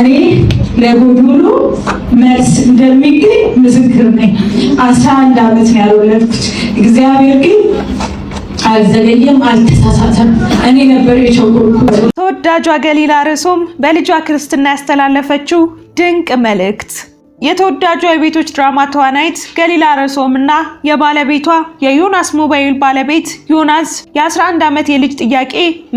እኔ ለጉድ ሁሉ መልስ እንደሚገኝ ምስክር ነኝ። አስራ አንድ አመት ነው ያልወለድኩት። እግዚአብሔር ግን አልዘገየም፣ አልተሳሳተም። እኔ ነበር የቸኮልኩት። ተወዳጇ ገሊላ ርዕሶም በልጇ ክርስትና ያስተላለፈችው ድንቅ መልእክት የተወዳጇ የቤቶች ድራማ ተዋናይት ገሊላ ረሶም እና የባለቤቷ የዮናስ ሞባይል ባለቤት ዮናስ የ11 ዓመት የልጅ ጥያቄ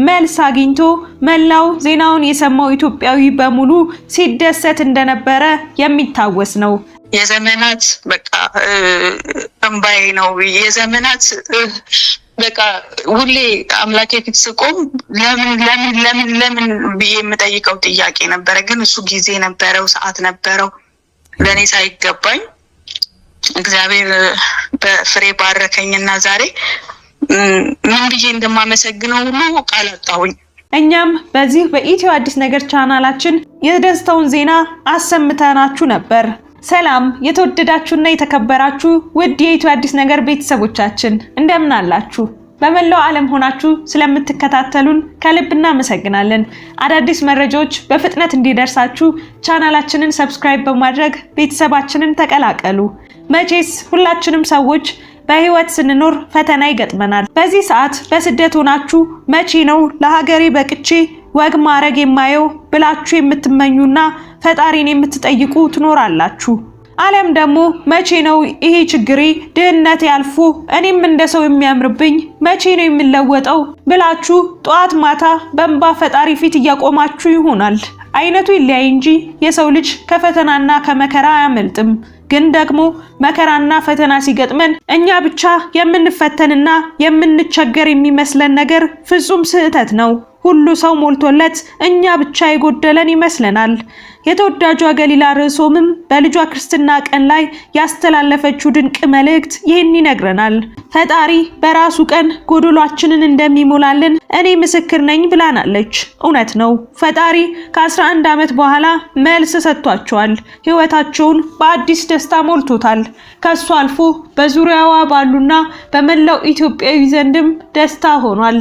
መልስ አግኝቶ መላው ዜናውን የሰማው ኢትዮጵያዊ በሙሉ ሲደሰት እንደነበረ የሚታወስ ነው። የዘመናት በቃ እንባዬ ነው። የዘመናት በቃ ሁሌ አምላኬ ፊት ስቆም ለምን ለምን ለምን ለምን ብዬ የምጠይቀው ጥያቄ ነበረ። ግን እሱ ጊዜ ነበረው፣ ሰዓት ነበረው ለእኔ ሳይገባኝ እግዚአብሔር በፍሬ ባረከኝና ዛሬ ምን ብዬ እንደማመሰግነው ሁሉ ቃል አጣሁኝ። እኛም በዚህ በኢትዮ አዲስ ነገር ቻናላችን የደስታውን ዜና አሰምተናችሁ ነበር። ሰላም የተወደዳችሁና የተከበራችሁ ውድ የኢትዮ አዲስ ነገር ቤተሰቦቻችን እንደምን አላችሁ? በመላው ዓለም ሆናችሁ ስለምትከታተሉን ከልብ እናመሰግናለን። አዳዲስ መረጃዎች በፍጥነት እንዲደርሳችሁ ቻናላችንን ሰብስክራይብ በማድረግ ቤተሰባችንን ተቀላቀሉ። መቼስ ሁላችንም ሰዎች በህይወት ስንኖር ፈተና ይገጥመናል። በዚህ ሰዓት በስደት ሆናችሁ መቼ ነው ለሀገሬ በቅቼ ወግ ማዕረግ የማየው ብላችሁ የምትመኙና ፈጣሪን የምትጠይቁ ትኖራላችሁ። አለም ደግሞ መቼ ነው ይሄ ችግሬ ድህነት ያልፉ እኔም እንደ ሰው የሚያምርብኝ መቼ ነው የምለወጠው ብላችሁ ጠዋት ማታ በእንባ ፈጣሪ ፊት እያቆማችሁ ይሆናል። አይነቱ ይለያይ እንጂ የሰው ልጅ ከፈተናና ከመከራ አያመልጥም። ግን ደግሞ መከራና ፈተና ሲገጥመን እኛ ብቻ የምንፈተንና የምንቸገር የሚመስለን ነገር ፍጹም ስህተት ነው። ሁሉ ሰው ሞልቶለት እኛ ብቻ የጎደለን ይመስለናል። የተወዳጇ ገሊላ ርዕሶምም በልጇ ክርስትና ቀን ላይ ያስተላለፈችው ድንቅ መልእክት ይህን ይነግረናል። ፈጣሪ በራሱ ቀን ጎዶሏችንን እንደሚሞላልን እኔ ምስክር ነኝ ብላናለች። እውነት ነው። ፈጣሪ ከ11 ዓመት በኋላ መልስ ሰጥቷቸዋል። ሕይወታቸውን በአዲስ ደስታ ሞልቶታል። ከሱ አልፎ በዙሪያዋ ባሉና በመላው ኢትዮጵያዊ ዘንድም ደስታ ሆኗል።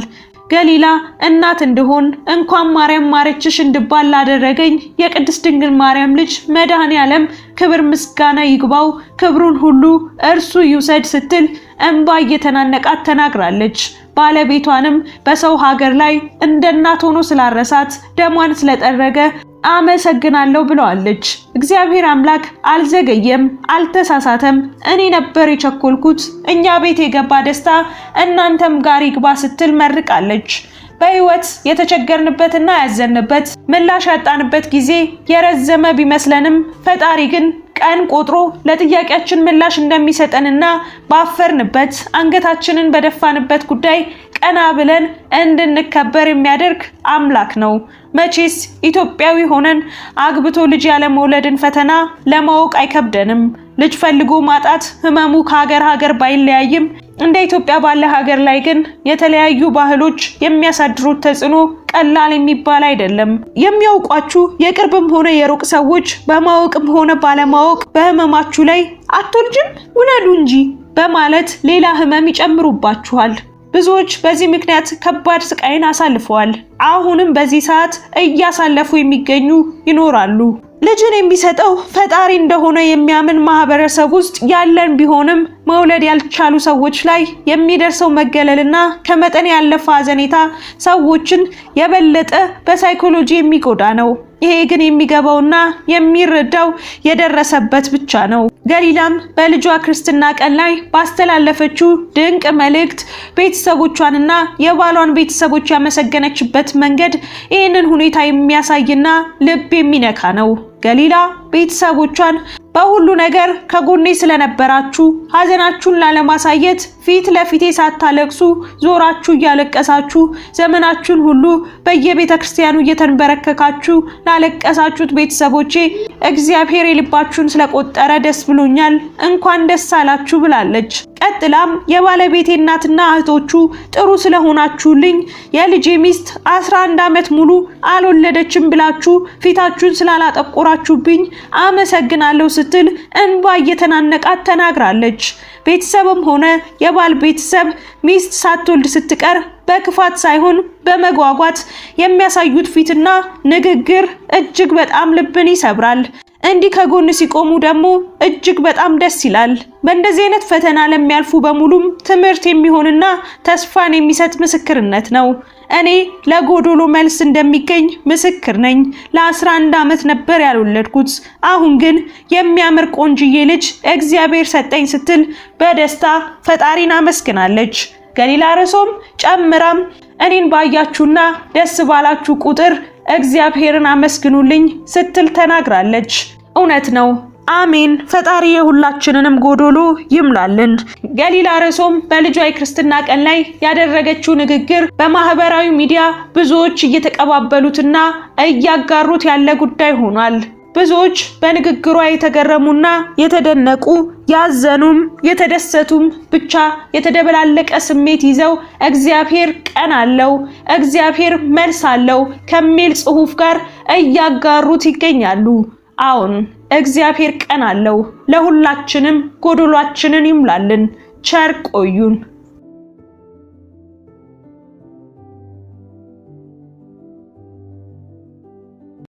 ገሊላ እናት እንድሆን እንኳን ማርያም ማረችሽ እንድባል ላደረገኝ የቅድስት ድንግል ማርያም ልጅ መድኃኔ ዓለም ክብር ምስጋና ይግባው፣ ክብሩን ሁሉ እርሱ ይውሰድ ስትል እንባ እየተናነቃት ተናግራለች። ባለቤቷንም በሰው ሀገር ላይ እንደ እናት ሆኖ ስላረሳት ደሟን ስለጠረገ አመሰግናለሁ ብለዋለች። እግዚአብሔር አምላክ አልዘገየም፣ አልተሳሳተም። እኔ ነበር የቸኮልኩት። እኛ ቤት የገባ ደስታ እናንተም ጋር ይግባ ስትል መርቃለች። በህይወት የተቸገርንበትና ያዘንበት ምላሽ ያጣንበት ጊዜ የረዘመ ቢመስለንም ፈጣሪ ግን ቀን ቆጥሮ ለጥያቄያችን ምላሽ እንደሚሰጠንና ባፈርንበት አንገታችንን በደፋንበት ጉዳይ ቀና ብለን እንድንከበር የሚያደርግ አምላክ ነው። መቼስ ኢትዮጵያዊ ሆነን አግብቶ ልጅ ያለመውለድን ፈተና ለማወቅ አይከብደንም። ልጅ ፈልጎ ማጣት ህመሙ ከሀገር ሀገር ባይለያይም እንደ ኢትዮጵያ ባለ ሀገር ላይ ግን የተለያዩ ባህሎች የሚያሳድሩት ተጽዕኖ ቀላል የሚባል አይደለም። የሚያውቋችሁ የቅርብም ሆነ የሩቅ ሰዎች በማወቅም ሆነ ባለማወቅ በህመማችሁ ላይ አትወልጅም፣ ውለዱ እንጂ በማለት ሌላ ህመም ይጨምሩባችኋል። ብዙዎች በዚህ ምክንያት ከባድ ስቃይን አሳልፈዋል። አሁንም በዚህ ሰዓት እያሳለፉ የሚገኙ ይኖራሉ። ልጅን የሚሰጠው ፈጣሪ እንደሆነ የሚያምን ማህበረሰብ ውስጥ ያለን ቢሆንም መውለድ ያልቻሉ ሰዎች ላይ የሚደርሰው መገለልና ከመጠን ያለፈ ሐዘኔታ ሰዎችን የበለጠ በሳይኮሎጂ የሚጎዳ ነው። ይሄ ግን የሚገባውና የሚረዳው የደረሰበት ብቻ ነው። ገሊላም በልጇ ክርስትና ቀን ላይ ባስተላለፈችው ድንቅ መልእክት ቤተሰቦቿንና የባሏን ቤተሰቦች ያመሰገነችበት መንገድ ይህንን ሁኔታ የሚያሳይና ልብ የሚነካ ነው። ገሊላ ቤተሰቦቿን በሁሉ ነገር ከጎኔ ስለነበራችሁ ሐዘናችሁን ላለማሳየት ፊት ለፊቴ ሳታለቅሱ ዞራችሁ እያለቀሳችሁ ዘመናችሁን ሁሉ በየቤተ ክርስቲያኑ እየተንበረከካችሁ ላለቀሳችሁት ቤተሰቦቼ እግዚአብሔር የልባችሁን ስለቆጠረ ደስ ብሎኛል። እንኳን ደስ አላችሁ ብላለች። ቀጥላም የባለቤቴ እናትና እህቶቹ ጥሩ ስለሆናችሁልኝ የልጄ ሚስት 11 ዓመት ሙሉ አልወለደችም ብላችሁ ፊታችሁን ስላላጠቆራችሁብኝ አመሰግናለሁ ስትል እንባ እየተናነቃት ተናግራለች። ቤተሰብም ሆነ የባል ቤተሰብ ሚስት ሳትወልድ ስትቀር በክፋት ሳይሆን በመጓጓት የሚያሳዩት ፊትና ንግግር እጅግ በጣም ልብን ይሰብራል። እንዲህ ከጎን ሲቆሙ ደግሞ እጅግ በጣም ደስ ይላል። በእንደዚህ አይነት ፈተና ለሚያልፉ በሙሉም ትምህርት የሚሆንና ተስፋን የሚሰጥ ምስክርነት ነው። እኔ ለጎዶሎ መልስ እንደሚገኝ ምስክር ነኝ። ለ11 ዓመት ነበር ያልወለድኩት። አሁን ግን የሚያምር ቆንጅዬ ልጅ እግዚአብሔር ሰጠኝ ስትል በደስታ ፈጣሪን አመስግናለች። ገሊላ ርዕሶም ጨምራም እኔን ባያችሁና ደስ ባላችሁ ቁጥር እግዚአብሔርን አመስግኑልኝ ስትል ተናግራለች። እውነት ነው። አሜን። ፈጣሪ የሁላችንንም ጎዶሎ ይምላልን። ገሊላ ረሶም በልጇ የክርስትና ቀን ላይ ያደረገችው ንግግር በማህበራዊ ሚዲያ ብዙዎች እየተቀባበሉትና እያጋሩት ያለ ጉዳይ ሆኗል። ብዙዎች በንግግሯ የተገረሙና የተደነቁ ያዘኑም የተደሰቱም ብቻ የተደበላለቀ ስሜት ይዘው እግዚአብሔር ቀን አለው፣ እግዚአብሔር መልስ አለው ከሚል ጽሑፍ ጋር እያጋሩት ይገኛሉ። አሁን እግዚአብሔር ቀን አለው፣ ለሁላችንም ጎዶሏችንን ይምላልን። ቸር ቆዩን።